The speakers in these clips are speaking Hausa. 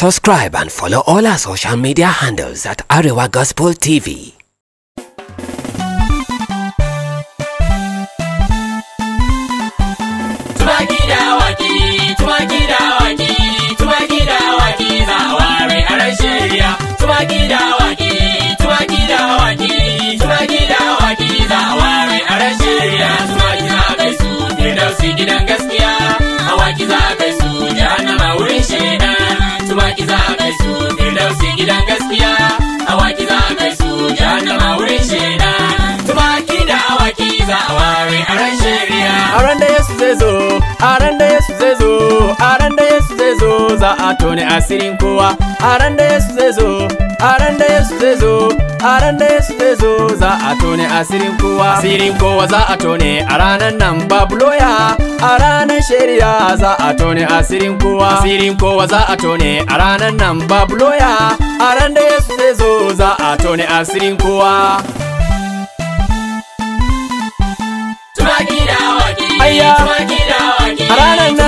Subscribe and follow all our social media handles at Arewa Gospel TV. ma tone asirin kowa a ran da Yesu zai zo a ran da Yesu zai zo a ran da Yesu zai zo za a tone asirin kowa asirin kowa za a tone a ranan nan babu loya a ranan shari'a za a tone asirin kowa asirin kowa za a tone a ranan nan babu loya a ran da Yesu zai zo za a tone asirin kowa Tumaki da waki, tumaki da waki, a ranan nan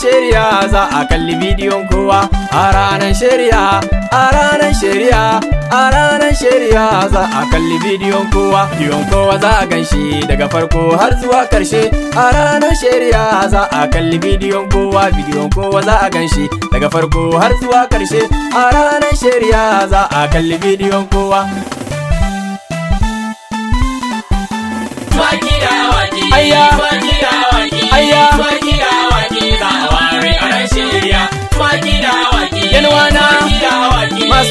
shari'a za a kalli bidiyon kowa a ranar shari'a a ranar shari'a a ranar shari'a za a kalli bidiyon kowa bidiyon kowa za a ganshi daga farko har zuwa karshe a ranar shari'a za a kalli bidiyon kowa bidiyon kowa za a ganshi daga farko har zuwa karshe a ranar shari'a za a kalli bidiyon kowa Ayya! Ayya! aya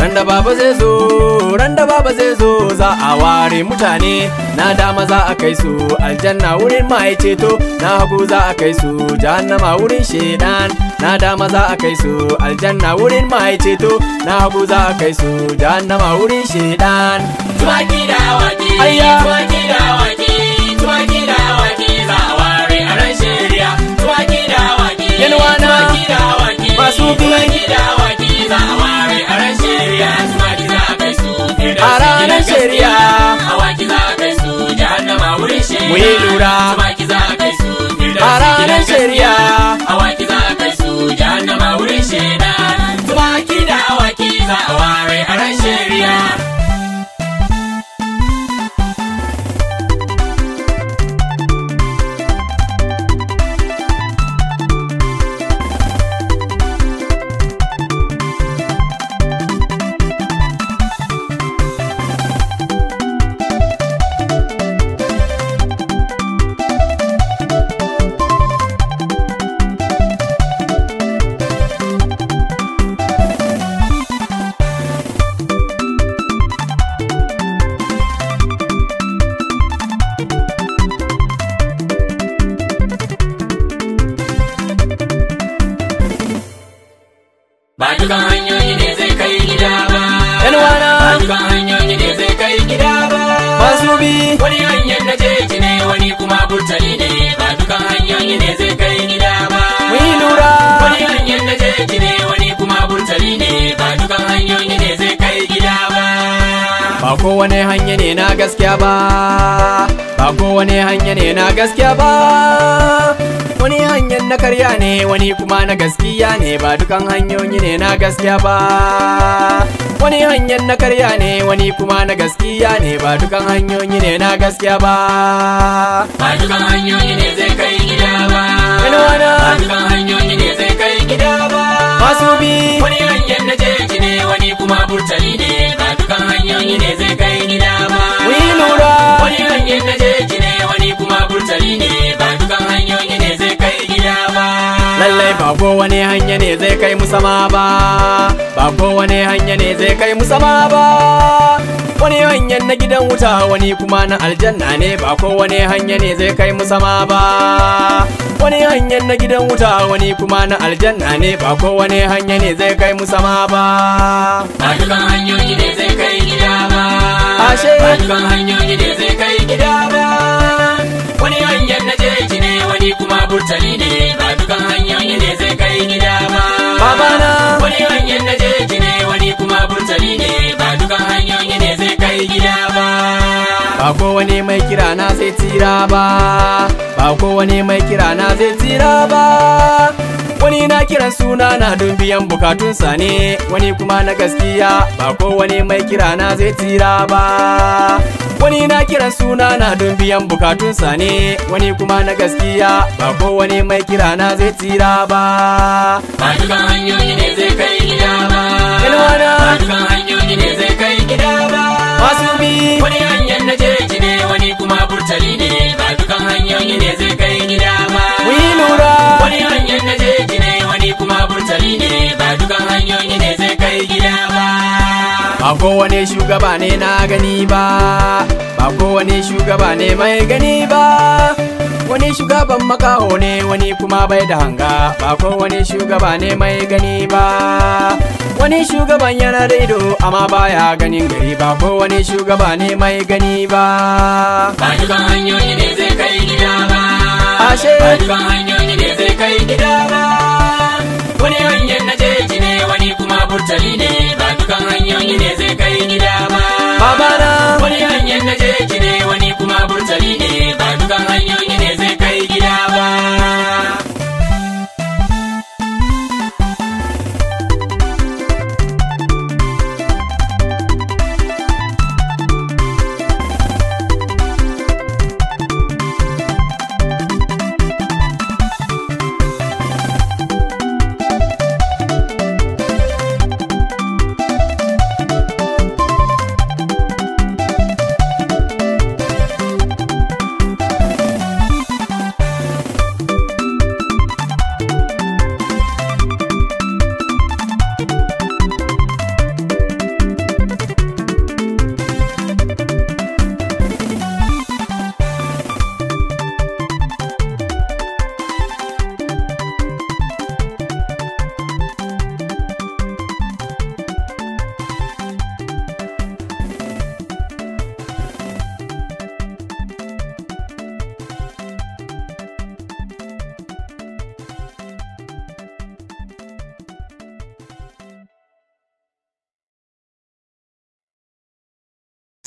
randa baba zai zo randa baba zai zo za a ware mutane na dama za a kai su aljanna wurin mai ceto na hagu za a kai su jahannama wurin shedan na dama za a kai su aljanna wurin mai ceto na hagu za a kai su jahannama wurin shedan tuwaki da waki tuwaki da waki kowane hanya ne na gaskiya ba ba kowane hanya ne na gaskiya ba wani hanyar na karya ne wani kuma na gaskiya ne ba dukan hanyoyi ne na gaskiya ba wani hanyar na karya ne wani kuma na gaskiya ne ba dukan hanyoyi ne na gaskiya ba ba dukan hanyoyi ne zai kai gida ba ba dukan hanyoyi ne zai kai gida ba masu bi wani hanyar na jeji ne wani kuma burtali ne Wani hanya ne zai kai mu sama ba ba kowane hanya ne zai kai mu sama ba wani hanyar na gidan wuta wani kuma na aljanna ne ba kowane hanya ne zai kai mu sama ba wani hanyar na gidan wuta wani kuma na aljanna ne ba kowane hanya ne zai kai mu sama ba ba dukan hanyoyi ne zai kai gida ba ba hanyoyi ba kowane mai kira na zai tsira ba ba kowane mai kira na zai tsira ba wani na kiran suna na don biyan bukatunsa ne wani kuma na gaskiya ba kowane mai kira na zai tsira ba wani na kiran suna na don biyan bukatunsa ne wani kuma na gaskiya ba kowane mai kira na zai tsira ba ba dukan hanyoyi ne zai kai gida ba ba dukan hanyoyi ne zai kai gida ba masu bi wani hanyar na je murtali ne ba dukan hanyoyi ne zai kai gida ba lura wani hanyar na jeji ne wani kuma burtali ne ba dukan hanyoyi ne zai kai gida ba ba kowane shugaba ne na gani ba ba kowane shugaba ne mai gani ba shugaban makaho ne wani kuma bai da hanga ba ko wani shugaba ne mai gani ba wani shugaban yana da ido amma baya ganin gari ba ko wani shugaba ne mai gani ba ba hanyoyi ne zai kai gida ba ashe ba hanyoyi ne zai kai gida ba wani hanyar na jeji ne wani kuma burtali ne ba dukan hanyoyi ne zai kai gida ba babana wani hanyar na jeji ne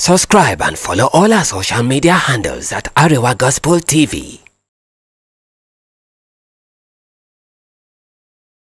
Subscribe and follow all our social media handles at Arewa Gospel TV.